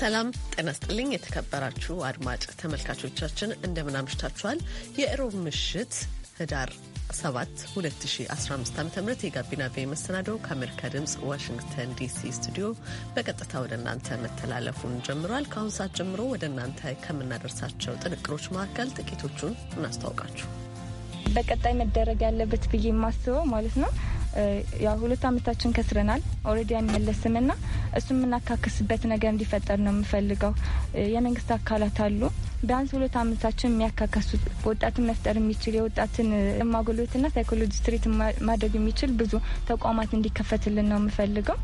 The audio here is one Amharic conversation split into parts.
ሰላም ጤና ስጥልኝ። የተከበራችሁ አድማጭ ተመልካቾቻችን እንደምን አምሽታችኋል? የእሮብ ምሽት ህዳር 7 2015 ዓ ም የጋቢና ቤ መሰናዶ ከአሜሪካ ድምፅ ዋሽንግተን ዲሲ ስቱዲዮ በቀጥታ ወደ እናንተ መተላለፉን ጀምሯል። ከአሁን ሰዓት ጀምሮ ወደ እናንተ ከምናደርሳቸው ጥንቅሮች መካከል ጥቂቶቹን እናስተዋውቃችሁ። በቀጣይ መደረግ ያለበት ብዬ የማስበው ማለት ነው ያው ሁለት አመታችን ከስረናል። ኦልሬዲ አንመለስም ና እሱ የምናካክስበት ነገር እንዲፈጠር ነው የምፈልገው። የመንግስት አካላት አሉ ቢያንስ ሁለት አመታችን የሚያካከሱት ወጣትን መፍጠር የሚችል የወጣትን ማጎልበት ና ሳይኮሎጂ ስትሪት ማድረግ የሚችል ብዙ ተቋማት እንዲከፈትልን ነው የምፈልገው።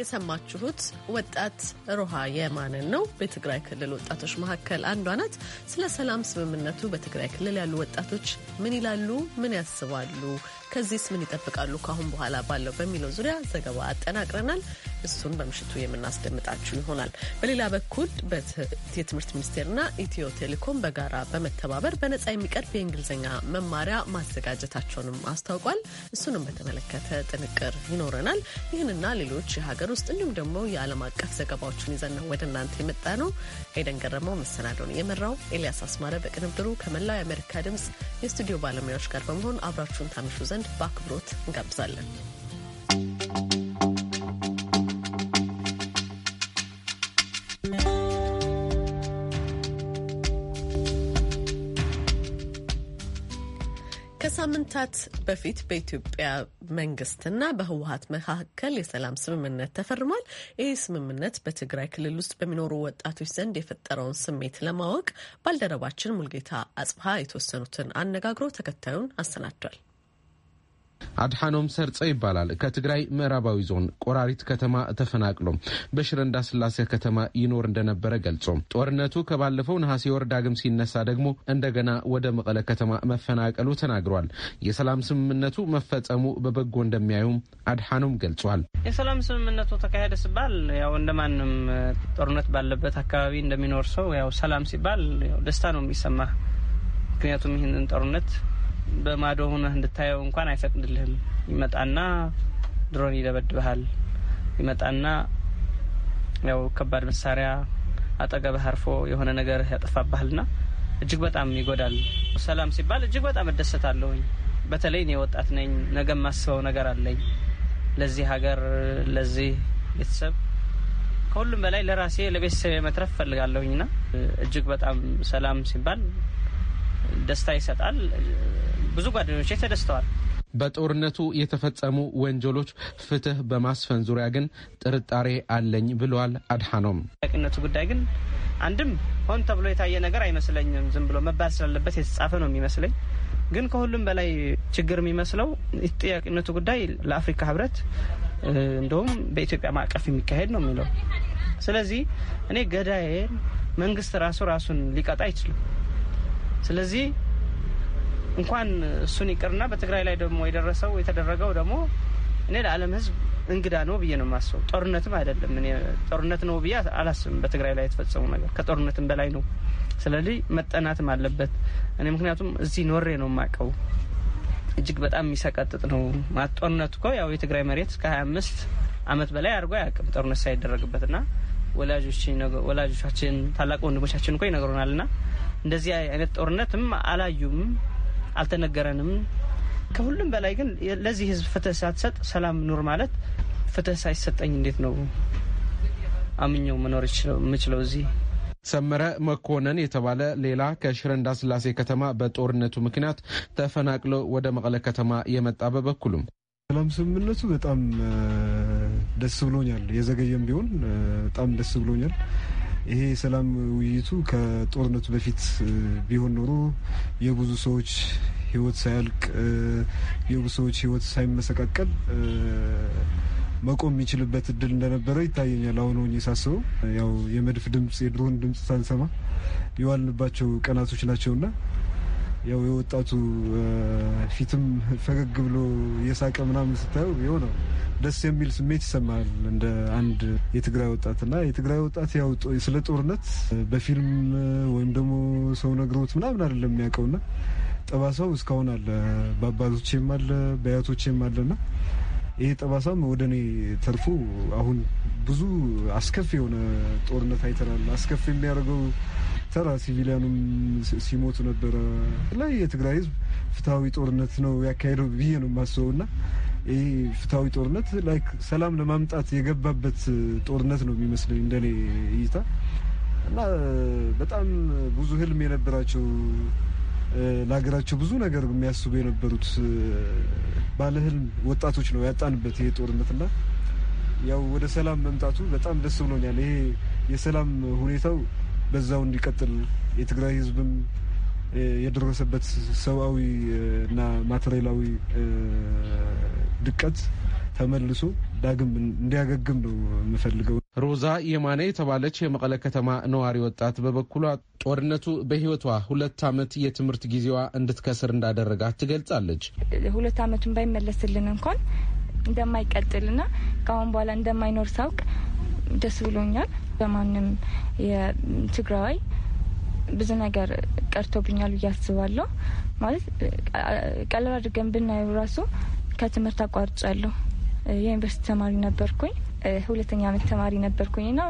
የሰማችሁት ወጣት ሮሃ የማንን ነው። በትግራይ ክልል ወጣቶች መካከል አንዷ ናት። ስለ ሰላም ስምምነቱ በትግራይ ክልል ያሉ ወጣቶች ምን ይላሉ? ምን ያስባሉ? ከዚህስ ምን ይጠብቃሉ ከአሁን በኋላ ባለው በሚለው ዙሪያ ዘገባ አጠናቅረናል። እሱን በምሽቱ የምናስደምጣችሁ ይሆናል። በሌላ በኩል የትምህርት ሚኒስቴርና ኢትዮ ቴሌኮም በጋራ በመተባበር በነጻ የሚቀርብ የእንግሊዝኛ መማሪያ ማዘጋጀታቸውንም አስታውቋል። እሱንም በተመለከተ ጥንቅር ይኖረናል። ይህንና ሌሎች የሀገር ውስጥ እንዲሁም ደግሞ የዓለም አቀፍ ዘገባዎችን ይዘን ወደ እናንተ የመጣ ነው። ኤደን ገረመው መሰናዶን የመራው ኤልያስ አስማረ በቅንብሩ ከመላው የአሜሪካ ድምፅ የስቱዲዮ ባለሙያዎች ጋር በመሆን አብራችሁን ታምሹ ዘንድ ዘንድ በአክብሮት እንጋብዛለን። ከሳምንታት በፊት በኢትዮጵያ መንግስትና በህወሀት መካከል የሰላም ስምምነት ተፈርሟል። ይህ ስምምነት በትግራይ ክልል ውስጥ በሚኖሩ ወጣቶች ዘንድ የፈጠረውን ስሜት ለማወቅ ባልደረባችን ሙልጌታ አጽብሀ የተወሰኑትን አነጋግሮ ተከታዩን አሰናድቷል። አድሓኖም ሰርጸ ይባላል። ከትግራይ ምዕራባዊ ዞን ቆራሪት ከተማ ተፈናቅሎ በሽረንዳ ስላሴ ከተማ ይኖር እንደነበረ ገልጾ ጦርነቱ ከባለፈው ነሐሴ ወር ዳግም ሲነሳ ደግሞ እንደገና ወደ መቀለ ከተማ መፈናቀሉ ተናግሯል። የሰላም ስምምነቱ መፈጸሙ በበጎ እንደሚያዩም አድሓኖም ገልጿል። የሰላም ስምምነቱ ተካሄደ ሲባል ያው እንደማንም ጦርነት ባለበት አካባቢ እንደሚኖር ሰው ያው ሰላም ሲባል ደስታ ነው የሚሰማ ምክንያቱም ይህንን ጦርነት በማዶ ሆነህ እንድታየው እንኳን አይፈቅድልህም። ይመጣና ድሮን ይደበድብሃል። ይመጣና ያው ከባድ መሳሪያ አጠገብህ አርፎ የሆነ ነገር ያጠፋብሃልና እጅግ በጣም ይጎዳል። ሰላም ሲባል እጅግ በጣም እደሰታለሁኝ። በተለይ እኔ ወጣት ነኝ፣ ነገ ማስበው ነገር አለኝ። ለዚህ ሀገር፣ ለዚህ ቤተሰብ፣ ከሁሉም በላይ ለራሴ ለቤተሰብ መትረፍ ፈልጋለሁኝና እጅግ በጣም ሰላም ሲባል ደስታ ይሰጣል። ብዙ ጓደኞች ተደስተዋል። በጦርነቱ የተፈጸሙ ወንጀሎች ፍትህ በማስፈን ዙሪያ ግን ጥርጣሬ አለኝ ብለዋል አድሃኖም። ነቱ ጉዳይ ግን አንድም ሆን ተብሎ የታየ ነገር አይመስለኝም። ዝም ብሎ መባል ስላለበት የተጻፈ ነው የሚመስለኝ። ግን ከሁሉም በላይ ችግር የሚመስለው ጥያቄነቱ ጉዳይ ለአፍሪካ ህብረት እንደውም በኢትዮጵያ ማዕቀፍ የሚካሄድ ነው የሚለው። ስለዚህ እኔ ገዳዬን መንግስት ራሱ ራሱን ሊቀጣ አይችልም። ስለዚህ እንኳን እሱን ይቅርና በትግራይ ላይ ደግሞ የደረሰው የተደረገው ደግሞ እኔ ለዓለም ሕዝብ እንግዳ ነው ብዬ ነው የማስበው። ጦርነትም አይደለም እኔ ጦርነት ነው ብዬ አላስብም። በትግራይ ላይ የተፈጸሙ ነገር ከጦርነትም በላይ ነው። ስለዚህ መጠናትም አለበት። እኔ ምክንያቱም እዚህ ኖሬ ነው የማውቀው። እጅግ በጣም የሚሰቀጥጥ ነው ማለት ጦርነት እኮ ያው የትግራይ መሬት እስከ ሀያ አምስት አመት በላይ አድርጎ አያውቅም ጦርነት ሳይደረግበትና ወላጆቻችን ታላቅ ወንድሞቻችን እኮ ይነግሩናል ና እንደዚህ አይነት ጦርነትም አላዩም፣ አልተነገረንም። ከሁሉም በላይ ግን ለዚህ ህዝብ ፍትህ ሳትሰጥ ሰላም ኑር ማለት ፍትህ ሳይሰጠኝ እንዴት ነው አምኘው መኖር የምችለው? እዚህ ሰመረ መኮነን የተባለ ሌላ ከሽረ እንዳስላሴ ከተማ በጦርነቱ ምክንያት ተፈናቅሎ ወደ መቀለ ከተማ የመጣ በበኩሉም ሰላም ስምምነቱ በጣም ደስ ብሎኛል። የዘገየም ቢሆን በጣም ደስ ብሎኛል። ይሄ የሰላም ውይይቱ ከጦርነቱ በፊት ቢሆን ኖሮ የብዙ ሰዎች ህይወት ሳያልቅ የብዙ ሰዎች ህይወት ሳይመሰቃቀል መቆም የሚችልበት እድል እንደነበረ ይታየኛል። አሁን ሆኜ ሳስበው ያው የመድፍ ድምፅ የድሮን ድምፅ ሳንሰማ የዋልንባቸው ቀናቶች ናቸውና ያው የወጣቱ ፊትም ፈገግ ብሎ የሳቀ ምናምን ስታየው የሆነ ደስ የሚል ስሜት ይሰማል። እንደ አንድ የትግራይ ወጣት እና የትግራይ ወጣት ያው ስለ ጦርነት በፊልም ወይም ደግሞ ሰው ነግሮት ምናምን አይደለም የሚያውቀውና ጠባሳው እስካሁን አለ፣ በአባቶቼም አለ፣ በአያቶቼም አለና ይሄ ጠባሳም ወደ እኔ ተርፎ አሁን ብዙ አስከፊ የሆነ ጦርነት አይተናል። አስከፊ የሚያደርገው ተራ ሲቪሊያኑም ሲሞቱ ነበረ። ላይ የትግራይ ህዝብ ፍትሐዊ ጦርነት ነው ያካሄደው ብዬ ነው የማስበው እና ይህ ፍትሐዊ ጦርነት ላይክ ሰላም ለማምጣት የገባበት ጦርነት ነው የሚመስለኝ እንደኔ እይታ እና በጣም ብዙ ህልም የነበራቸው ለሀገራቸው ብዙ ነገር የሚያስቡ የነበሩት ባለህልም ወጣቶች ነው ያጣንበት ይሄ ጦርነትና ያው ወደ ሰላም መምጣቱ በጣም ደስ ብሎኛል። ይሄ የሰላም ሁኔታው በዛው እንዲቀጥል የትግራይ ህዝብም የደረሰበት ሰብአዊ እና ማቴሪያላዊ ድቀት ተመልሶ ዳግም እንዲያገግም ነው የምፈልገው። ሮዛ የማነ የተባለች የመቀለ ከተማ ነዋሪ ወጣት በበኩሏ ጦርነቱ በህይወቷ ሁለት ዓመት የትምህርት ጊዜዋ እንድትከስር እንዳደረጋት ትገልጻለች። ሁለት ዓመቱን ባይመለስልን እንኳን እንደማይቀጥልና ከአሁን በኋላ እንደማይኖር ሳውቅ ደስ ብሎኛል። በማንም የትግራዋይ ብዙ ነገር ቀርቶብኛል ብዬ አስባለሁ። ማለት ቀለል አድርገን ብናየው ራሱ ከትምህርት አቋርጫለሁ። የዩኒቨርስቲ ተማሪ ነበርኩኝ፣ ሁለተኛ አመት ተማሪ ነበርኩኝ ና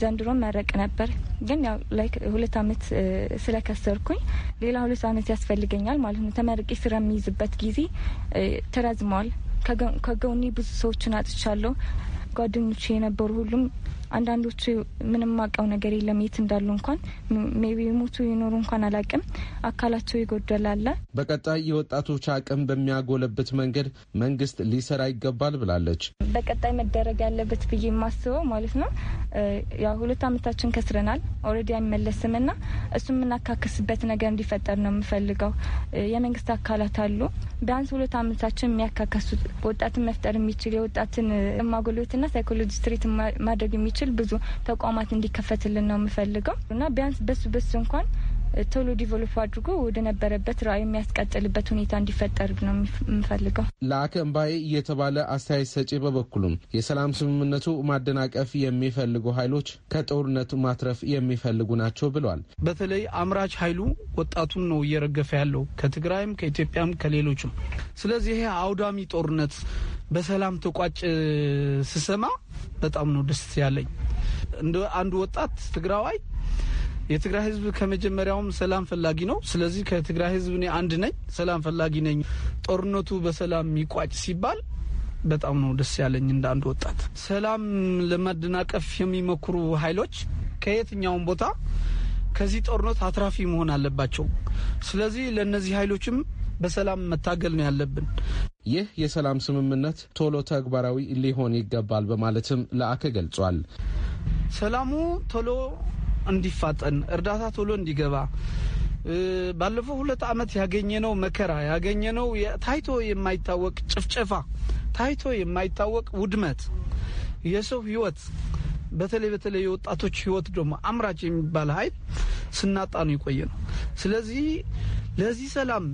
ዘንድሮ መረቅ ነበር። ግን ያው ላይክ ሁለት አመት ስለከሰርኩኝ ሌላ ሁለት አመት ያስፈልገኛል ማለት ነው። ተመርቂ ስራ የሚይዝበት ጊዜ ተራዝመዋል። ከጎኔ ብዙ ሰዎችን አጥቻለሁ። ጓደኞቼ የነበሩ ሁሉም አንዳንዶቹ ምንም አውቀው ነገር የለም የት እንዳሉ እንኳን ሜቢ ሞቱ ይኖሩ እንኳን አላቅም አካላቸው ይጎደላለ። በቀጣይ የወጣቶች አቅም በሚያጎለበት መንገድ መንግስት ሊሰራ ይገባል ብላለች። በቀጣይ መደረግ ያለበት ብዬ የማስበው ማለት ነው ያው ሁለት አመታችን ከስረናል ኦልሬዲ አይመለስም ና እሱ የምናካክስበት ነገር እንዲፈጠር ነው የምፈልገው። የመንግስት አካላት አሉ ቢያንስ ሁለት አመታችን የሚያካከሱት ወጣትን መፍጠር የሚችል የወጣትን ማጎልበትና ሳይኮሎጂ ስትሬት ማድረግ የሚችል የሚችል ብዙ ተቋማት እንዲከፈትልን ነው የምፈልገው እና ቢያንስ በሱ በሱ እንኳን ቶሎ ዲቨሎፕ አድርጎ ወደ ነበረበት ራዕይ የሚያስቀጥልበት ሁኔታ እንዲፈጠር ነው የምፈልገው። ለአከ እየተባለ የተባለ አስተያየት ሰጪ በበኩሉም የሰላም ስምምነቱ ማደናቀፍ የሚፈልጉ ኃይሎች ከጦርነቱ ማትረፍ የሚፈልጉ ናቸው ብለል። በተለይ አምራች ኃይሉ ወጣቱን ነው እየረገፈ ያለው ከትግራይም፣ ከኢትዮጵያም፣ ከሌሎችም። ስለዚህ ይሄ አውዳሚ ጦርነት በሰላም ተቋጭ ስሰማ በጣም ነው ደስ ያለኝ። እንደ አንድ ወጣት ትግራዋይ የትግራይ ህዝብ ከመጀመሪያውም ሰላም ፈላጊ ነው። ስለዚህ ከትግራይ ህዝብ እኔ አንድ ነኝ፣ ሰላም ፈላጊ ነኝ። ጦርነቱ በሰላም ይቋጭ ሲባል በጣም ነው ደስ ያለኝ እንደ አንድ ወጣት። ሰላም ለማደናቀፍ የሚሞክሩ ኃይሎች ከየትኛውም ቦታ ከዚህ ጦርነት አትራፊ መሆን አለባቸው። ስለዚህ ለእነዚህ ኃይሎችም በሰላም መታገል ነው ያለብን። ይህ የሰላም ስምምነት ቶሎ ተግባራዊ ሊሆን ይገባል በማለትም ለአከ ገልጿል። ሰላሙ ቶሎ እንዲፋጠን እርዳታ ቶሎ እንዲገባ ባለፈው ሁለት ዓመት ያገኘነው መከራ ያገኘነው ታይቶ የማይታወቅ ጭፍጨፋ፣ ታይቶ የማይታወቅ ውድመት፣ የሰው ህይወት በተለይ በተለይ የወጣቶች ህይወት ደግሞ አምራች የሚባል ኃይል ስናጣ ነው የቆየ ነው። ስለዚህ ለዚህ ሰላም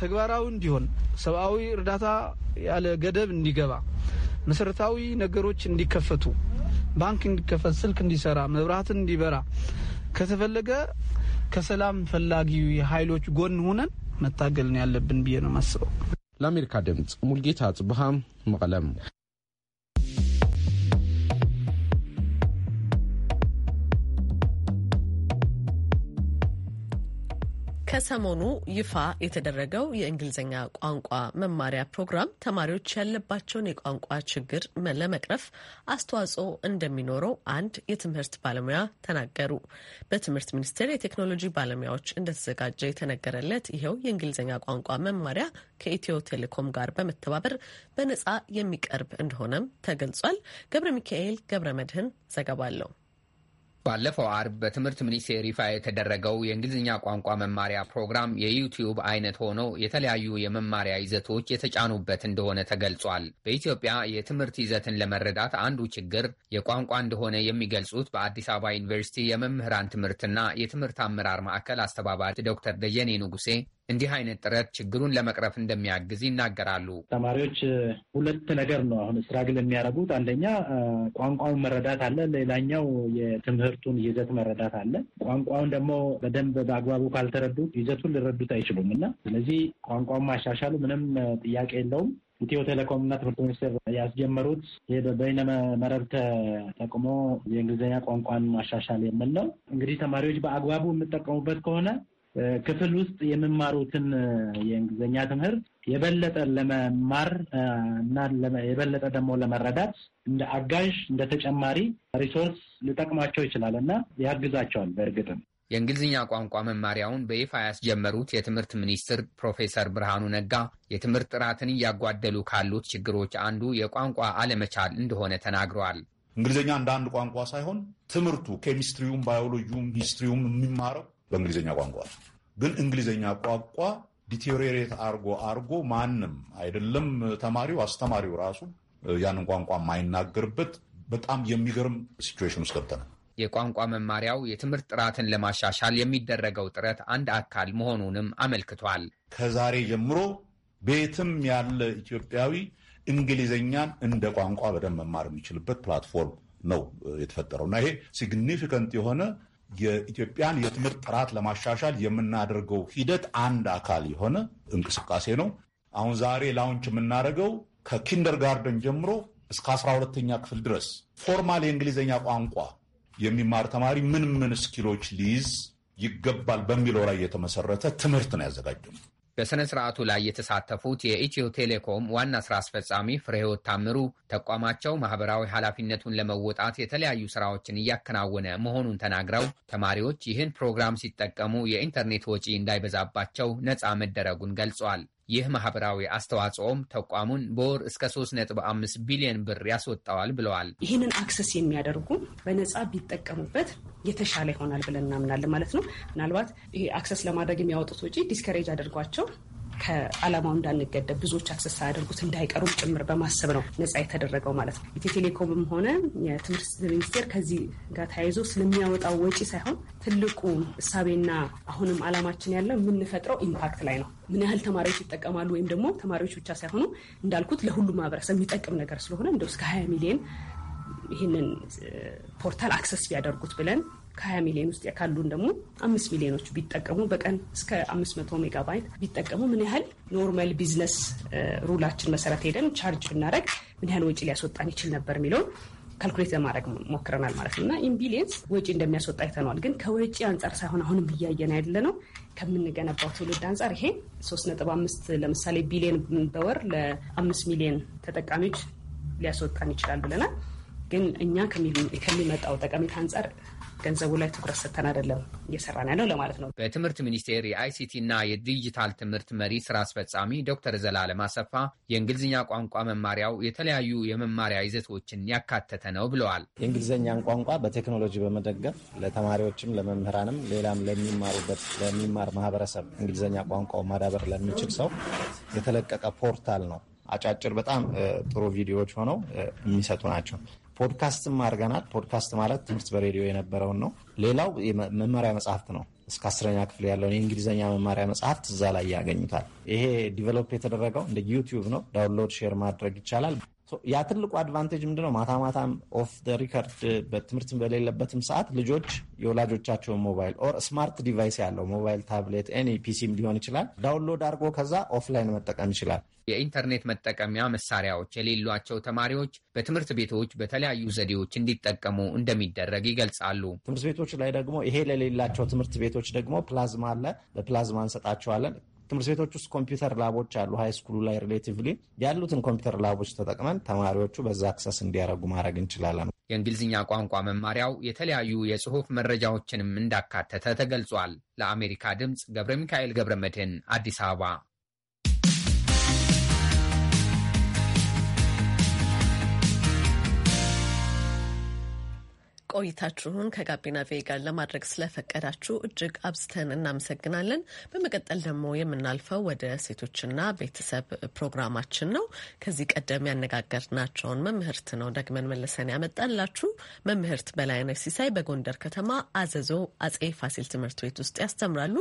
ተግባራዊ እንዲሆን ሰብአዊ እርዳታ ያለ ገደብ እንዲገባ መሰረታዊ ነገሮች እንዲከፈቱ፣ ባንክ እንዲከፈት፣ ስልክ እንዲሰራ፣ መብራትን እንዲበራ ከተፈለገ ከሰላም ፈላጊ ኃይሎች ጎን ሆነን መታገል ያለብን ብዬ ነው የማስበው። ለአሜሪካ ድምፅ ሙልጌታ ጽብሃ መቀለም ከሰሞኑ ይፋ የተደረገው የእንግሊዝኛ ቋንቋ መማሪያ ፕሮግራም ተማሪዎች ያለባቸውን የቋንቋ ችግር ለመቅረፍ አስተዋጽኦ እንደሚኖረው አንድ የትምህርት ባለሙያ ተናገሩ። በትምህርት ሚኒስቴር የቴክኖሎጂ ባለሙያዎች እንደተዘጋጀ የተነገረለት ይኸው የእንግሊዝኛ ቋንቋ መማሪያ ከኢትዮ ቴሌኮም ጋር በመተባበር በነጻ የሚቀርብ እንደሆነም ተገልጿል። ገብረ ሚካኤል ገብረ መድህን ዘገባ አለው። ባለፈው አርብ በትምህርት ሚኒስቴር ይፋ የተደረገው የእንግሊዝኛ ቋንቋ መማሪያ ፕሮግራም የዩቲዩብ አይነት ሆኖ የተለያዩ የመማሪያ ይዘቶች የተጫኑበት እንደሆነ ተገልጿል። በኢትዮጵያ የትምህርት ይዘትን ለመረዳት አንዱ ችግር የቋንቋ እንደሆነ የሚገልጹት በአዲስ አበባ ዩኒቨርሲቲ የመምህራን ትምህርትና የትምህርት አመራር ማዕከል አስተባባሪ ዶክተር ደጀኔ ንጉሴ እንዲህ አይነት ጥረት ችግሩን ለመቅረፍ እንደሚያግዝ ይናገራሉ። ተማሪዎች ሁለት ነገር ነው አሁን ስራግል የሚያደርጉት። አንደኛ ቋንቋውን መረዳት አለ፣ ሌላኛው የትምህርቱን ይዘት መረዳት አለ። ቋንቋውን ደግሞ በደንብ በአግባቡ ካልተረዱት ይዘቱን ሊረዱት አይችሉም እና ስለዚህ ቋንቋውን ማሻሻሉ ምንም ጥያቄ የለውም። ኢትዮ ቴሌኮም እና ትምህርት ሚኒስቴር ያስጀመሩት ይህ በበይነ መረብ ተጠቅሞ የእንግሊዝኛ ቋንቋን ማሻሻል የሚል ነው። እንግዲህ ተማሪዎች በአግባቡ የምጠቀሙበት ከሆነ ክፍል ውስጥ የሚማሩትን የእንግሊዝኛ ትምህርት የበለጠ ለመማር እና የበለጠ ደግሞ ለመረዳት እንደ አጋዥ እንደ ተጨማሪ ሪሶርስ ሊጠቅማቸው ይችላል እና ያግዛቸዋል። በእርግጥም የእንግሊዝኛ ቋንቋ መማሪያውን በይፋ ያስጀመሩት የትምህርት ሚኒስትር ፕሮፌሰር ብርሃኑ ነጋ የትምህርት ጥራትን እያጓደሉ ካሉት ችግሮች አንዱ የቋንቋ አለመቻል እንደሆነ ተናግረዋል። እንግሊዝኛ እንደ አንድ ቋንቋ ሳይሆን ትምህርቱ ኬሚስትሪውም፣ ባዮሎጂውም፣ ሂስትሪውም የሚማረው በእንግሊዝኛ ቋንቋ ግን እንግሊዝኛ ቋንቋ ዲቴሪሬት አርጎ አርጎ ማንም አይደለም ተማሪው አስተማሪው ራሱ ያንን ቋንቋ የማይናገርበት በጣም የሚገርም ሲቹዌሽን ውስጥ ገብተናል። የቋንቋ መማሪያው የትምህርት ጥራትን ለማሻሻል የሚደረገው ጥረት አንድ አካል መሆኑንም አመልክቷል። ከዛሬ ጀምሮ ቤትም ያለ ኢትዮጵያዊ እንግሊዝኛን እንደ ቋንቋ በደንብ መማር የሚችልበት ፕላትፎርም ነው የተፈጠረው እና ይሄ ሲግኒፊካንት የሆነ የኢትዮጵያን የትምህርት ጥራት ለማሻሻል የምናደርገው ሂደት አንድ አካል የሆነ እንቅስቃሴ ነው። አሁን ዛሬ ላውንች የምናደርገው ከኪንደር ጋርደን ጀምሮ እስከ አስራ ሁለተኛ ክፍል ድረስ ፎርማል የእንግሊዝኛ ቋንቋ የሚማር ተማሪ ምን ምን ስኪሎች ሊይዝ ይገባል በሚለው ላይ የተመሰረተ ትምህርት ነው ያዘጋጀው። በሥነ ሥርዓቱ ላይ የተሳተፉት የኢትዮ ቴሌኮም ዋና ሥራ አስፈጻሚ ፍሬሕይወት ታምሩ ተቋማቸው ማኅበራዊ ኃላፊነቱን ለመወጣት የተለያዩ ሥራዎችን እያከናወነ መሆኑን ተናግረው ተማሪዎች ይህን ፕሮግራም ሲጠቀሙ የኢንተርኔት ወጪ እንዳይበዛባቸው ነፃ መደረጉን ገልጿል። ይህ ማህበራዊ አስተዋጽኦም ተቋሙን በወር እስከ 3.5 ቢሊዮን ብር ያስወጣዋል ብለዋል። ይህንን አክሰስ የሚያደርጉ በነፃ ቢጠቀሙበት የተሻለ ይሆናል ብለን እናምናለን ማለት ነው። ምናልባት ይሄ አክሰስ ለማድረግ የሚያወጡት ውጪ ዲስከሬጅ አድርጓቸው ከዓላማው እንዳንገደብ ብዙዎች አክሰስ ሳያደርጉት እንዳይቀሩም ጭምር በማሰብ ነው ነጻ የተደረገው ማለት ነው። ኢትዮ ቴሌኮምም ሆነ የትምህርት ሚኒስቴር ከዚህ ጋር ተያይዞ ስለሚያወጣው ወጪ ሳይሆን ትልቁ እሳቤና አሁንም ዓላማችን ያለው የምንፈጥረው ኢምፓክት ላይ ነው። ምን ያህል ተማሪዎች ይጠቀማሉ ወይም ደግሞ ተማሪዎች ብቻ ሳይሆኑ እንዳልኩት ለሁሉም ማህበረሰብ የሚጠቅም ነገር ስለሆነ እንደው እስከ 20 ሚሊዮን ይህንን ፖርታል አክሰስ ቢያደርጉት ብለን ከ20 ሚሊዮን ውስጥ ካሉን ደግሞ አምስት ሚሊዮኖቹ ቢጠቀሙ በቀን እስከ መቶ ሜጋባይት ቢጠቀሙ ምን ያህል ኖርማል ቢዝነስ ሩላችን መሰረት ሄደን ቻርጅ ብናደረግ ምን ያህል ወጪ ሊያስወጣን ይችል ነበር የሚለውን ካልኩሌት ለማድረግ ሞክረናል ማለት ነው። እና ኢን ቢሊየንስ ወጪ እንደሚያስወጣ አይተነዋል። ግን ከወጪ አንጻር ሳይሆን አሁንም እያየን ያለ ነው ከምንገነባው ትውልድ አንጻር ይሄ አምስት ለምሳሌ ቢሊየን በወር ለአምስት ሚሊየን ሚሊዮን ተጠቃሚዎች ሊያስወጣን ይችላል ብለናል። ግን እኛ ከሚመጣው ጠቀሜታ አንጻር ገንዘቡ ላይ ትኩረት ሰጥተን አይደለም እየሰራን ያለው ለማለት ነው። በትምህርት ሚኒስቴር የአይሲቲ እና የዲጂታል ትምህርት መሪ ስራ አስፈጻሚ ዶክተር ዘላለም አሰፋ የእንግሊዝኛ ቋንቋ መማሪያው የተለያዩ የመማሪያ ይዘቶችን ያካተተ ነው ብለዋል። የእንግሊዝኛን ቋንቋ በቴክኖሎጂ በመደገፍ ለተማሪዎችም፣ ለመምህራንም ሌላም ለሚማሩበት ለሚማር ማህበረሰብ እንግሊዝኛ ቋንቋው ማዳበር ለሚችል ሰው የተለቀቀ ፖርታል ነው። አጫጭር በጣም ጥሩ ቪዲዮዎች ሆነው የሚሰጡ ናቸው። ፖድካስትም አድርገናል። ፖድካስት ማለት ትምህርት በሬዲዮ የነበረውን ነው። ሌላው መመሪያ መጽሐፍት ነው። እስከ አስረኛ ክፍል ያለውን የእንግሊዝኛ መማሪያ መጽሐፍት እዛ ላይ ያገኙታል። ይሄ ዲቨሎፕ የተደረገው እንደ ዩቲዩብ ነው። ዳውንሎድ ሼር ማድረግ ይቻላል። ያ ትልቁ አድቫንቴጅ ምንድነው? ማታ ማታም ኦፍ ደ ሪከርድ በትምህርት በሌለበትም ሰዓት ልጆች የወላጆቻቸውን ሞባይል ኦር ስማርት ዲቫይስ ያለው ሞባይል፣ ታብሌት፣ ኤኒ ፒሲም ሊሆን ይችላል ዳውንሎድ አድርጎ ከዛ ኦፍላይን መጠቀም ይችላል። የኢንተርኔት መጠቀሚያ መሳሪያዎች የሌሏቸው ተማሪዎች በትምህርት ቤቶች በተለያዩ ዘዴዎች እንዲጠቀሙ እንደሚደረግ ይገልጻሉ። ትምህርት ቤቶች ላይ ደግሞ ይሄ ለሌላቸው ትምህርት ቤቶች ደግሞ ፕላዝማ አለ። በፕላዝማ እንሰጣቸዋለን ትምህርት ቤቶች ውስጥ ኮምፒውተር ላቦች አሉ። ስኩሉ ላይ ሪሌቲቭሊ ያሉትን ኮምፒውተር ላቦች ተጠቅመን ተማሪዎቹ በዛ አክሰስ እንዲያደረጉ ማድረግ እንችላለን። የእንግሊዝኛ ቋንቋ መማሪያው የተለያዩ የጽሑፍ መረጃዎችንም እንዳካተተ ተገልጿል። ለአሜሪካ ድምፅ ገብረ ሚካኤል ገብረ መድህን አዲስ አበባ ቆይታችሁን ከጋቢና ቬ ጋር ለማድረግ ስለፈቀዳችሁ እጅግ አብዝተን እናመሰግናለን። በመቀጠል ደግሞ የምናልፈው ወደ ሴቶችና ቤተሰብ ፕሮግራማችን ነው። ከዚህ ቀደም ያነጋገርናቸውን መምህርት ነው ደግመን መልሰን ያመጣላችሁ። መምህርት በላይነሽ ሲሳይ በጎንደር ከተማ አዘዞ አፄ ፋሲል ትምህርት ቤት ውስጥ ያስተምራሉ።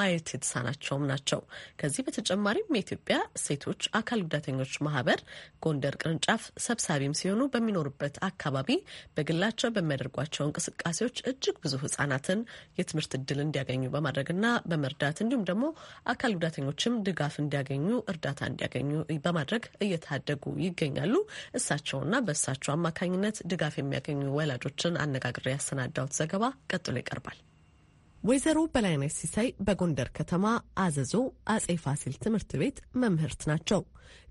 ማየት የተሳናቸውም ናቸው። ከዚህ በተጨማሪም የኢትዮጵያ ሴቶች አካል ጉዳተኞች ማህበር ጎንደር ቅርንጫፍ ሰብሳቢም ሲሆኑ በሚኖሩበት አካባቢ በግላቸው በመደ በሚያደርጓቸው እንቅስቃሴዎች እጅግ ብዙ ህጻናትን የትምህርት እድል እንዲያገኙ በማድረግና በመርዳት እንዲሁም ደግሞ አካል ጉዳተኞችም ድጋፍ እንዲያገኙ እርዳታ እንዲያገኙ በማድረግ እየታደጉ ይገኛሉ። እሳቸውና በእሳቸው አማካኝነት ድጋፍ የሚያገኙ ወላጆችን አነጋግሬ ያሰናዳሁት ዘገባ ቀጥሎ ይቀርባል። ወይዘሮ በላይነሽ ሲሳይ በጎንደር ከተማ አዘዞ አጼ ፋሲል ትምህርት ቤት መምህርት ናቸው።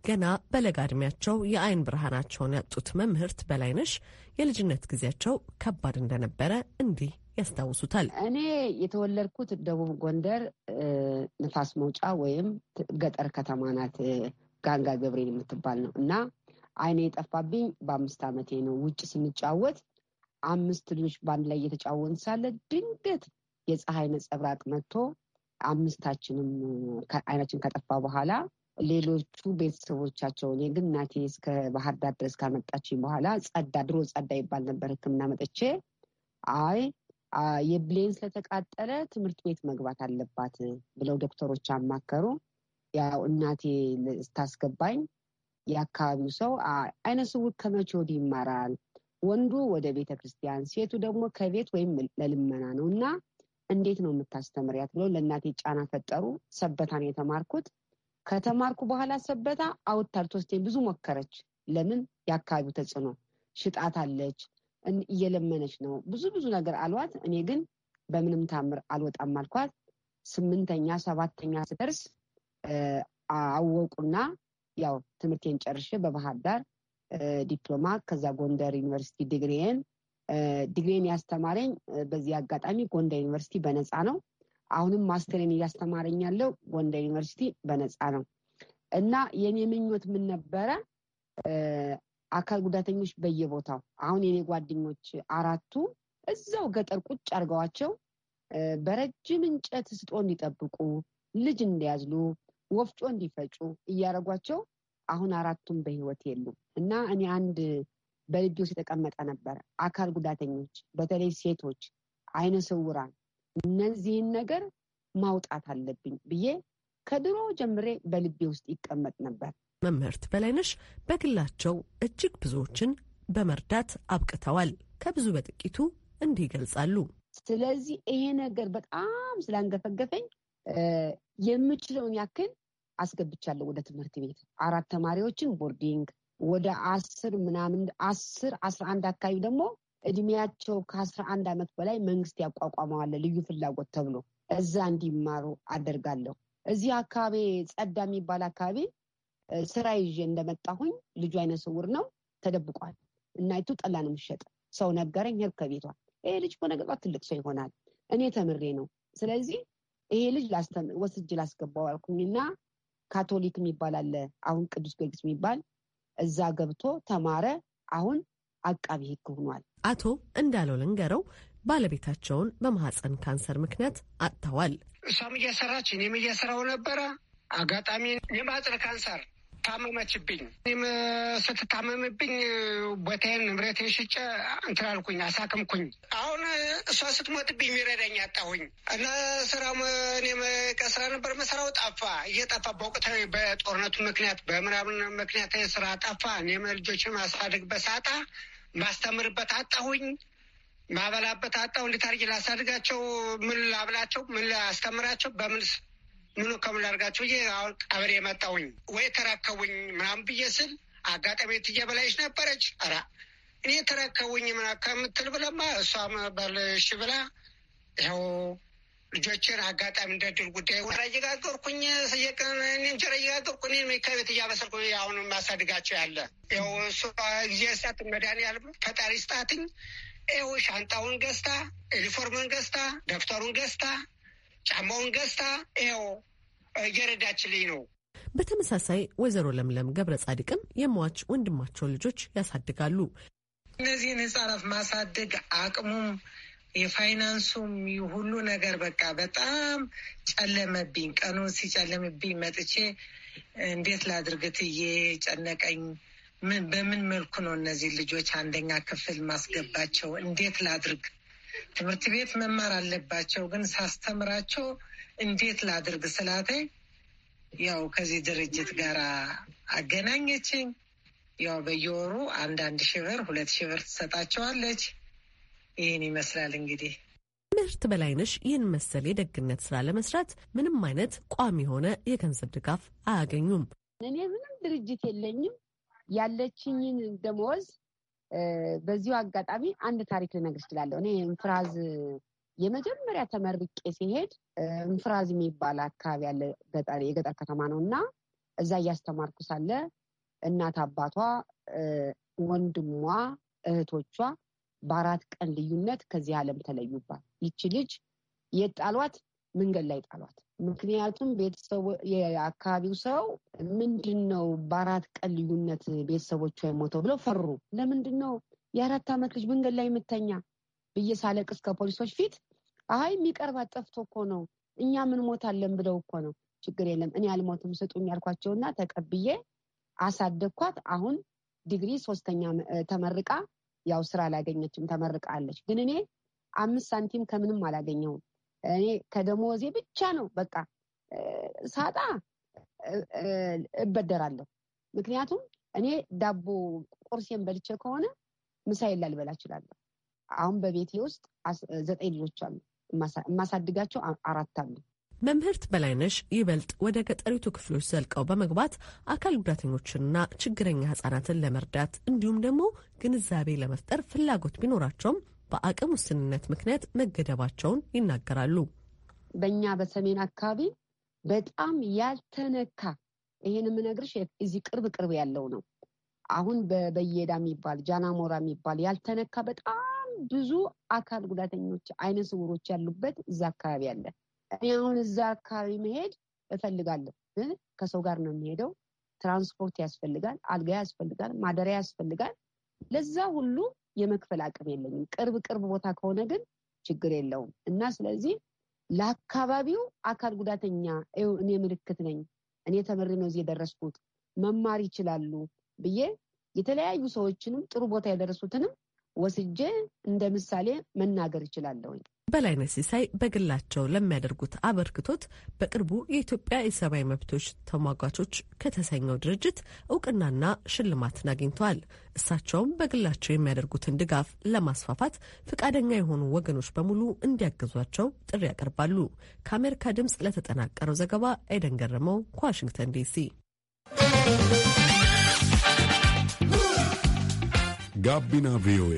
ገና በለጋ ዕድሜያቸው የአይን ብርሃናቸውን ያጡት መምህርት በላይነሽ የልጅነት ጊዜያቸው ከባድ እንደነበረ እንዲህ ያስታውሱታል። እኔ የተወለድኩት ደቡብ ጎንደር ንፋስ መውጫ ወይም ገጠር ከተማ ናት፣ ጋንጋ ገብርኤል የምትባል ነው እና ዓይኔ የጠፋብኝ በአምስት ዓመቴ ነው። ውጭ ስንጫወት አምስት ልጆች በአንድ ላይ እየተጫወትን ሳለ ድንገት የፀሐይ ነጸብራቅ መጥቶ አምስታችንም አይናችን ከጠፋ በኋላ ሌሎቹ ቤተሰቦቻቸው እኔ ግን እናቴ እስከ ባህር ዳር ድረስ ካመጣችኝ በኋላ ጸዳ ድሮ ጸዳ ይባል ነበር ህክምና መጥቼ አይ የብሌን ስለተቃጠለ ትምህርት ቤት መግባት አለባት ብለው ዶክተሮች አማከሩ። ያው እናቴ ስታስገባኝ የአካባቢው ሰው አይነ ስውር ከመቼ ወዲህ ይማራል? ወንዱ ወደ ቤተ ክርስቲያን፣ ሴቱ ደግሞ ከቤት ወይም ለልመና ነው እና እንዴት ነው የምታስተምሪያት ብለው ለእናቴ ጫና ፈጠሩ። ሰበታ ነው የተማርኩት። ከተማርኩ በኋላ ሰበታ አውታር ቶስቴን ብዙ ሞከረች። ለምን የአካባቢው ተጽዕኖ ሽጣት አለች፣ እየለመነች ነው ብዙ ብዙ ነገር አልዋት። እኔ ግን በምንም ታምር አልወጣም አልኳት። ስምንተኛ ሰባተኛ ስደርስ አወቁና ያው ትምህርቴን ጨርሼ በባህር ዳር ዲፕሎማ ከዛ ጎንደር ዩኒቨርሲቲ ዲግሪዬን ዲግሬን ያስተማረኝ በዚህ አጋጣሚ ጎንደር ዩኒቨርሲቲ በነፃ ነው። አሁንም ማስተሬን እያስተማረኝ ያለው ጎንደር ዩኒቨርሲቲ በነፃ ነው እና የኔ ምኞት ምን ነበረ? አካል ጉዳተኞች በየቦታው አሁን የኔ ጓደኞች አራቱ እዛው ገጠር ቁጭ አድርገዋቸው በረጅም እንጨት ስጦ እንዲጠብቁ፣ ልጅ እንዲያዝሉ፣ ወፍጮ እንዲፈጩ እያደረጓቸው አሁን አራቱም በህይወት የሉም እና እኔ አንድ በልቤ ውስጥ የተቀመጠ ነበር። አካል ጉዳተኞች፣ በተለይ ሴቶች፣ አይነ ስውራን እነዚህን ነገር ማውጣት አለብኝ ብዬ ከድሮ ጀምሬ በልቤ ውስጥ ይቀመጥ ነበር። መምህርት በላይነሽ በግላቸው እጅግ ብዙዎችን በመርዳት አብቅተዋል። ከብዙ በጥቂቱ እንዲህ ይገልጻሉ። ስለዚህ ይሄ ነገር በጣም ስላንገፈገፈኝ የምችለውን ያክል አስገብቻለሁ ወደ ትምህርት ቤት አራት ተማሪዎችን ቦርዲንግ ወደ አስር ምናምን አስር አስራ አንድ አካባቢ ደግሞ እድሜያቸው ከአስራ አንድ ዓመት በላይ መንግስት ያቋቋመዋል ልዩ ፍላጎት ተብሎ እዛ እንዲማሩ አደርጋለሁ። እዚህ አካባቢ ጸዳ የሚባል አካባቢ ስራ ይዤ እንደመጣሁኝ ልጁ አይነ ስውር ነው፣ ተደብቋል። እናይቱ ጠላ ነው የሚሸጥ ሰው ነገረኝ። ሄድኩ ከቤቷ ይሄ ልጅ በነገጧ ትልቅ ሰው ይሆናል፣ እኔ ተምሬ ነው። ስለዚህ ይሄ ልጅ ወስጅ ላስገባው አልኩኝና ካቶሊክ የሚባል አለ አሁን ቅዱስ ጊዮርጊስ የሚባል እዛ ገብቶ ተማረ። አሁን አቃቢ ህግ ሆኗል። አቶ እንዳለው ልንገረው ባለቤታቸውን በማህፀን ካንሰር ምክንያት አጥተዋል። እሷም እየሰራች እኔም እየሰራው ነበረ። አጋጣሚ የማህፀን ካንሰር ታመመችብኝ። እኔም ስትታመምብኝ ቦታዬን ንብረቴን ሽጬ እንትን አልኩኝ፣ አሳክምኩኝ። አሁን እሷ ስትሞትብኝ የሚረዳኝ አጣሁኝ እና ስራም እኔም ስራ ነበር መሰራው ጠፋ። እየጠፋ በወቅታዊ በጦርነቱ ምክንያት በምናምን ምክንያት ስራ ጠፋ። እኔም ልጆችን ማሳደግ በሳጣ ማስተምርበት አጣሁኝ፣ ማበላበት አጣሁ። እንዴት አድርጌ ላሳድጋቸው? ምን ላብላቸው? ምን ላስተምራቸው? በምን ምኑ ከምን ላድርጋቸው? ይ አሁን ቀበሌ የመጣሁኝ ወይ ተረከቡኝ ምናምን ብዬ ስል አጋጣሚ ትዬ በላይሽ ነበረች። ኧረ እኔ ተረከቡኝ ምና ከምትል ብለማ እሷም በልሽ ብላ ይኸው ልጆችን አጋጣሚ እንደድል ጉዳይ ወራ እየጋገርኩኝ እየቀን እንጀራ እየጋገርኩ ከቤት እያበሰልኩ አሁን ማሳድጋቸው ያለ ው እሱ ጊዜ ሰት ያል ፈጣሪ ስጣትኝ ው ሻንጣውን ገዝታ፣ ዩኒፎርምን ገዝታ፣ ደብተሩን ገዝታ፣ ጫማውን ገዝታ ው እየረዳችልኝ ነው። በተመሳሳይ ወይዘሮ ለምለም ገብረ ጻድቅም የሟች ወንድማቸው ልጆች ያሳድጋሉ። እነዚህን ህጻናት ማሳደግ አቅሙም የፋይናንሱም ሁሉ ነገር በቃ በጣም ጨለመብኝ። ቀኑን ሲጨለምብኝ መጥቼ እንዴት ላድርግት ጨነቀኝ። ምን በምን መልኩ ነው እነዚህ ልጆች አንደኛ ክፍል ማስገባቸው? እንዴት ላድርግ? ትምህርት ቤት መማር አለባቸው፣ ግን ሳስተምራቸው እንዴት ላድርግ ስላቴ ያው ከዚህ ድርጅት ጋር አገናኘችኝ። ያው በየወሩ አንዳንድ ሺህ ብር ሁለት ሺህ ብር ትሰጣቸዋለች። ይህን ይመስላል እንግዲህ ምህርት በላይነሽ ይህን መሰል የደግነት ስራ ለመስራት ምንም አይነት ቋሚ የሆነ የገንዘብ ድጋፍ አያገኙም። እኔ ምንም ድርጅት የለኝም። ያለችኝን ደመወዝ በዚሁ አጋጣሚ አንድ ታሪክ ልነግር እችላለሁ። እኔ እንፍራዝ የመጀመሪያ ተመርቄ ሲሄድ እንፍራዝ የሚባል አካባቢ ያለ የገጠር ከተማ ነው እና እዛ እያስተማርኩ ሳለ እናት አባቷ፣ ወንድሟ፣ እህቶቿ በአራት ቀን ልዩነት ከዚህ ዓለም ተለዩባት። ይቺ ልጅ የት ጣሏት መንገድ ላይ ጣሏት። ምክንያቱም ቤተሰቡ የአካባቢው ሰው ምንድን ነው በአራት ቀን ልዩነት ቤተሰቦች የሞተው ብለው ፈሩ። ለምንድን ነው የአራት ዓመት ልጅ መንገድ ላይ የምተኛ ብዬ ሳለቅስ ከፖሊሶች ፊት አይ የሚቀርባት ጠፍቶ እኮ ነው እኛ ምን ሞታለን ብለው እኮ ነው። ችግር የለም እኔ አልሞትም ስጡኝ ያልኳቸውና ተቀብዬ አሳደግኳት። አሁን ዲግሪ ሶስተኛ ተመርቃ ያው ስራ አላገኘችም፣ ተመርቃለች። ግን እኔ አምስት ሳንቲም ከምንም አላገኘውም። እኔ ከደሞዜ ብቻ ነው በቃ ሳጣ እበደራለሁ። ምክንያቱም እኔ ዳቦ ቁርሴን በልቼ ከሆነ ምሳዬን ላልበላ እችላለሁ። አሁን በቤቴ ውስጥ ዘጠኝ ልጆች አሉ። የማሳድጋቸው አራት አሉ። መምህርት በላይነሽ ይበልጥ ወደ ገጠሪቱ ክፍሎች ዘልቀው በመግባት አካል ጉዳተኞችንና ችግረኛ ህጻናትን ለመርዳት እንዲሁም ደግሞ ግንዛቤ ለመፍጠር ፍላጎት ቢኖራቸውም በአቅም ውስንነት ምክንያት መገደባቸውን ይናገራሉ። በእኛ በሰሜን አካባቢ በጣም ያልተነካ ይሄን የምነግርሽ እዚህ ቅርብ ቅርብ ያለው ነው። አሁን በበየዳ የሚባል ጃናሞራ የሚባል ያልተነካ በጣም ብዙ አካል ጉዳተኞች አይነ ስውሮች ያሉበት እዛ አካባቢ አለ። እኔ አሁን እዛ አካባቢ መሄድ እፈልጋለሁ፣ ግን ከሰው ጋር ነው የሚሄደው። ትራንስፖርት ያስፈልጋል፣ አልጋ ያስፈልጋል፣ ማደሪያ ያስፈልጋል። ለዛ ሁሉ የመክፈል አቅም የለኝም። ቅርብ ቅርብ ቦታ ከሆነ ግን ችግር የለውም እና ስለዚህ ለአካባቢው አካል ጉዳተኛ እኔ ምልክት ነኝ፣ እኔ ተመሪ ነው እዚህ የደረስኩት መማር ይችላሉ ብዬ የተለያዩ ሰዎችንም ጥሩ ቦታ የደረሱትንም ወስጄ እንደ ምሳሌ መናገር ይችላለሁኝ። በላይነህ ሲሳይ በግላቸው ለሚያደርጉት አበርክቶት በቅርቡ የኢትዮጵያ የሰብአዊ መብቶች ተሟጋቾች ከተሰኘው ድርጅት እውቅናና ሽልማትን አግኝተዋል። እሳቸውም በግላቸው የሚያደርጉትን ድጋፍ ለማስፋፋት ፈቃደኛ የሆኑ ወገኖች በሙሉ እንዲያግዟቸው ጥሪ ያቀርባሉ። ከአሜሪካ ድምፅ ለተጠናቀረው ዘገባ ኤደን ገረመው ከዋሽንግተን ዲሲ። ጋቢና ቪኦኤ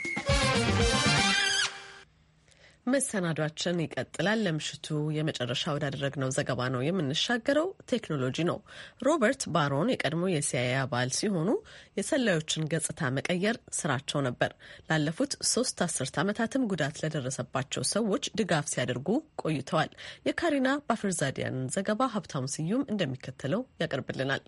መሰናዷችን ይቀጥላል። ለምሽቱ የመጨረሻ ወዳደረግነው ዘገባ ነው የምንሻገረው። ቴክኖሎጂ ነው። ሮበርት ባሮን የቀድሞ የሲአይኤ አባል ሲሆኑ የሰላዮችን ገጽታ መቀየር ስራቸው ነበር። ላለፉት ሶስት አስርት ዓመታትም ጉዳት ለደረሰባቸው ሰዎች ድጋፍ ሲያደርጉ ቆይተዋል። የካሪና ባፍርዛዲያንን ዘገባ ሀብታሙ ስዩም እንደሚከተለው ያቀርብልናል።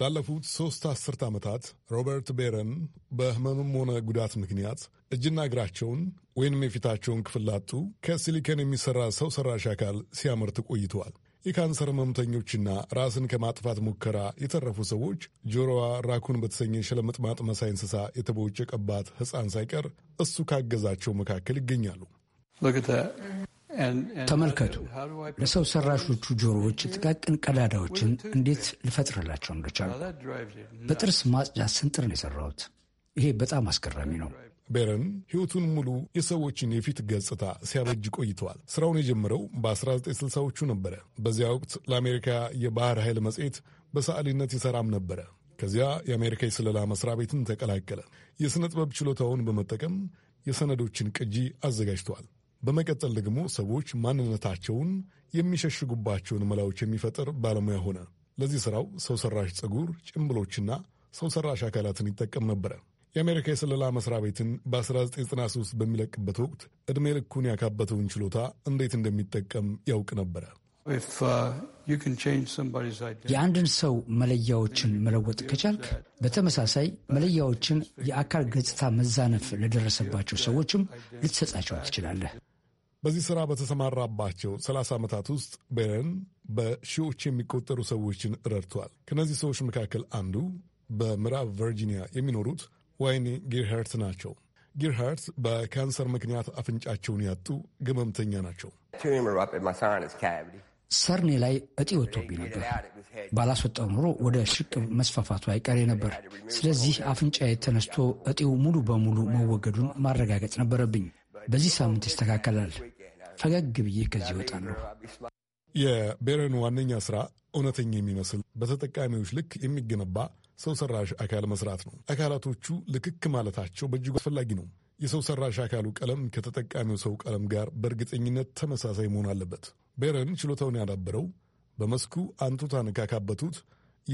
ላለፉት ሦስት አስርት ዓመታት ሮበርት ቤረን በህመምም ሆነ ጉዳት ምክንያት እጅና እግራቸውን ወይንም የፊታቸውን ክፍል ላጡ ከሲሊከን የሚሠራ ሰው ሠራሽ አካል ሲያመርት ቆይተዋል። የካንሰር ህመምተኞችና ራስን ከማጥፋት ሙከራ የተረፉ ሰዎች ጆሮዋ ራኩን በተሰኘ ሸለምጥማጥ መሳይ እንስሳ የተቦጨቀባት ሕፃን ሳይቀር እሱ ካገዛቸው መካከል ይገኛሉ። ተመልከቱ፣ ለሰው ሰራሾቹ ጆሮዎች ጥቃቅን ቀዳዳዎችን እንዴት ልፈጥርላቸው እንደቻሉ። በጥርስ ማጽጃ ስንጥር ነው የሰራሁት። ይሄ በጣም አስገራሚ ነው። ቤረን ሕይወቱን ሙሉ የሰዎችን የፊት ገጽታ ሲያበጅ ቆይተዋል። ስራውን የጀመረው በ1960ዎቹ ነበረ። በዚያ ወቅት ለአሜሪካ የባህር ኃይል መጽሔት በሰዓሊነት ይሠራም ነበረ። ከዚያ የአሜሪካ የስለላ መሥሪያ ቤትን ተቀላቀለ። የሥነ ጥበብ ችሎታውን በመጠቀም የሰነዶችን ቅጂ አዘጋጅተዋል። በመቀጠል ደግሞ ሰዎች ማንነታቸውን የሚሸሽጉባቸውን መላዎች የሚፈጥር ባለሙያ ሆነ። ለዚህ ሥራው ሰው ሠራሽ ፀጉር፣ ጭምብሎችና ሰው ሠራሽ አካላትን ይጠቀም ነበረ። የአሜሪካ የስለላ መስሪያ ቤትን በ1993 በሚለቅበት ወቅት ዕድሜ ልኩን ያካበተውን ችሎታ እንዴት እንደሚጠቀም ያውቅ ነበረ። uh, የአንድን ሰው መለያዎችን መለወጥ ከቻልክ በተመሳሳይ መለያዎችን የአካል ገጽታ መዛነፍ ለደረሰባቸው ሰዎችም ልትሰጣቸው ትችላለህ። በዚህ ሥራ በተሰማራባቸው 30 ዓመታት ውስጥ ቤረን በሺዎች የሚቆጠሩ ሰዎችን ረድቷል። ከእነዚህ ሰዎች መካከል አንዱ በምዕራብ ቨርጂኒያ የሚኖሩት ዋይኒ ጊርሃርት ናቸው። ጊርሃርት በካንሰር ምክንያት አፍንጫቸውን ያጡ ግመምተኛ ናቸው። ሰርኔ ላይ እጢ ወጥቶብኝ ነበር። ባላስወጣው ኑሮ ወደ ሽቅብ መስፋፋቱ አይቀሬ ነበር። ስለዚህ አፍንጫዬ ተነስቶ እጢው ሙሉ በሙሉ መወገዱን ማረጋገጥ ነበረብኝ። በዚህ ሳምንት ይስተካከላል። ፈገግ ብዬ ከዚህ እወጣለሁ። የቤረን ዋነኛ ስራ እውነተኛ የሚመስል በተጠቃሚዎች ልክ የሚገነባ ሰው ሰራሽ አካል መስራት ነው። አካላቶቹ ልክክ ማለታቸው በእጅጉ አስፈላጊ ነው። የሰው ሰራሽ አካሉ ቀለም ከተጠቃሚው ሰው ቀለም ጋር በእርግጠኝነት ተመሳሳይ መሆን አለበት። ቤረን ችሎታውን ያዳበረው በመስኩ አንቱታን ካካበቱት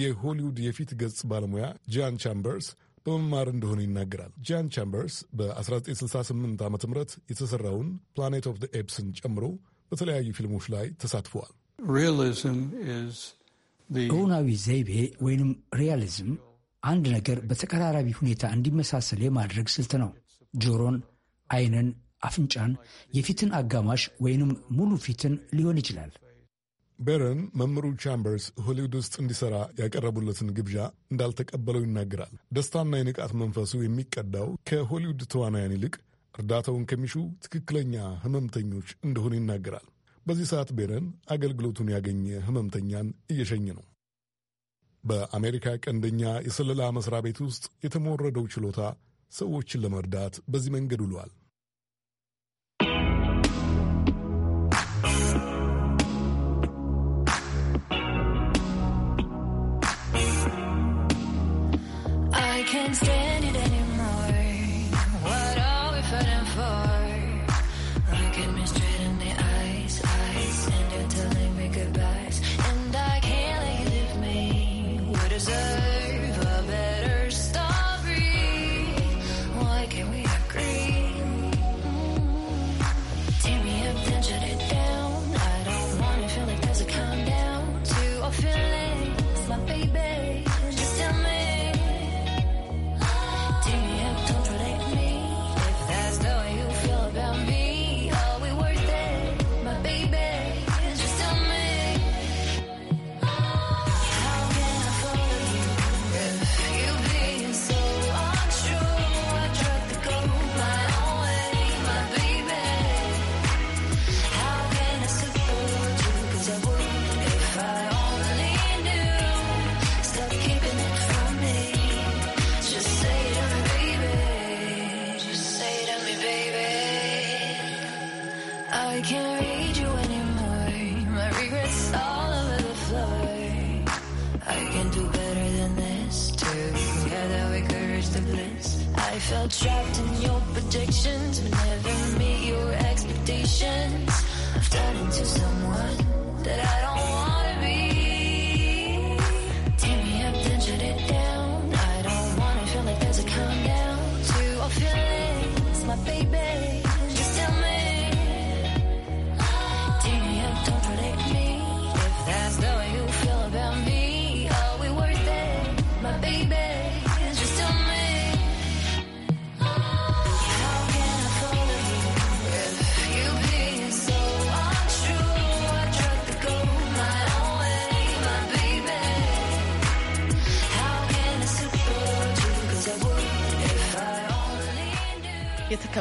የሆሊውድ የፊት ገጽ ባለሙያ ጂያን ቻምበርስ በመማር እንደሆነ ይናገራል። ጃን ቻምበርስ በ1968 ዓ ም የተሠራውን ፕላኔት ኦፍ ኤፕስን ጨምሮ በተለያዩ ፊልሞች ላይ ተሳትፈዋል። እውናዊ ዘይቤ ወይንም ሪያሊዝም አንድ ነገር በተቀራራቢ ሁኔታ እንዲመሳሰል የማድረግ ስልት ነው። ጆሮን፣ አይንን፣ አፍንጫን፣ የፊትን አጋማሽ ወይንም ሙሉ ፊትን ሊሆን ይችላል። ቤረን መምህሩ ቻምበርስ ሆሊውድ ውስጥ እንዲሠራ ያቀረቡለትን ግብዣ እንዳልተቀበለው ይናገራል። ደስታና የንቃት መንፈሱ የሚቀዳው ከሆሊውድ ተዋናያን ይልቅ እርዳታውን ከሚሹ ትክክለኛ ህመምተኞች እንደሆነ ይናገራል። በዚህ ሰዓት ቤረን አገልግሎቱን ያገኘ ህመምተኛን እየሸኘ ነው። በአሜሪካ ቀንደኛ የስለላ መስሪያ ቤት ውስጥ የተሞረደው ችሎታ ሰዎችን ለመርዳት በዚህ መንገድ ውሏል። can't stand it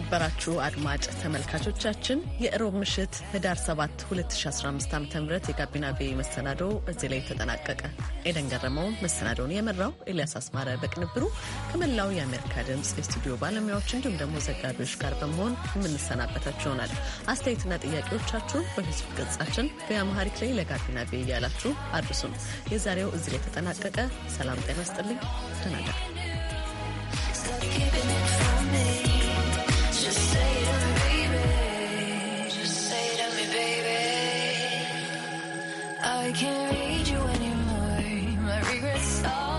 የተከበራችሁ አድማጭ ተመልካቾቻችን የእሮብ ምሽት ህዳር 7 2015 ዓ ም የጋቢና ቪ መሰናዶ እዚህ ላይ ተጠናቀቀ። ኤደን ገረመው መሰናዶውን የመራው፣ ኤልያስ አስማረ በቅንብሩ ከመላው የአሜሪካ ድምፅ የስቱዲዮ ባለሙያዎች እንዲሁም ደግሞ ዘጋቢዎች ጋር በመሆን የምንሰናበታችሁ ይሆናል። አስተያየትና ጥያቄዎቻችሁን በፌስቡክ ገጻችን በአማሃሪክ ላይ ለጋቢና ቪ እያላችሁ አድርሱን። የዛሬው እዚህ ላይ ተጠናቀቀ። ሰላም ጤና ስጥልኝ። ደህና እደሩ። Carry.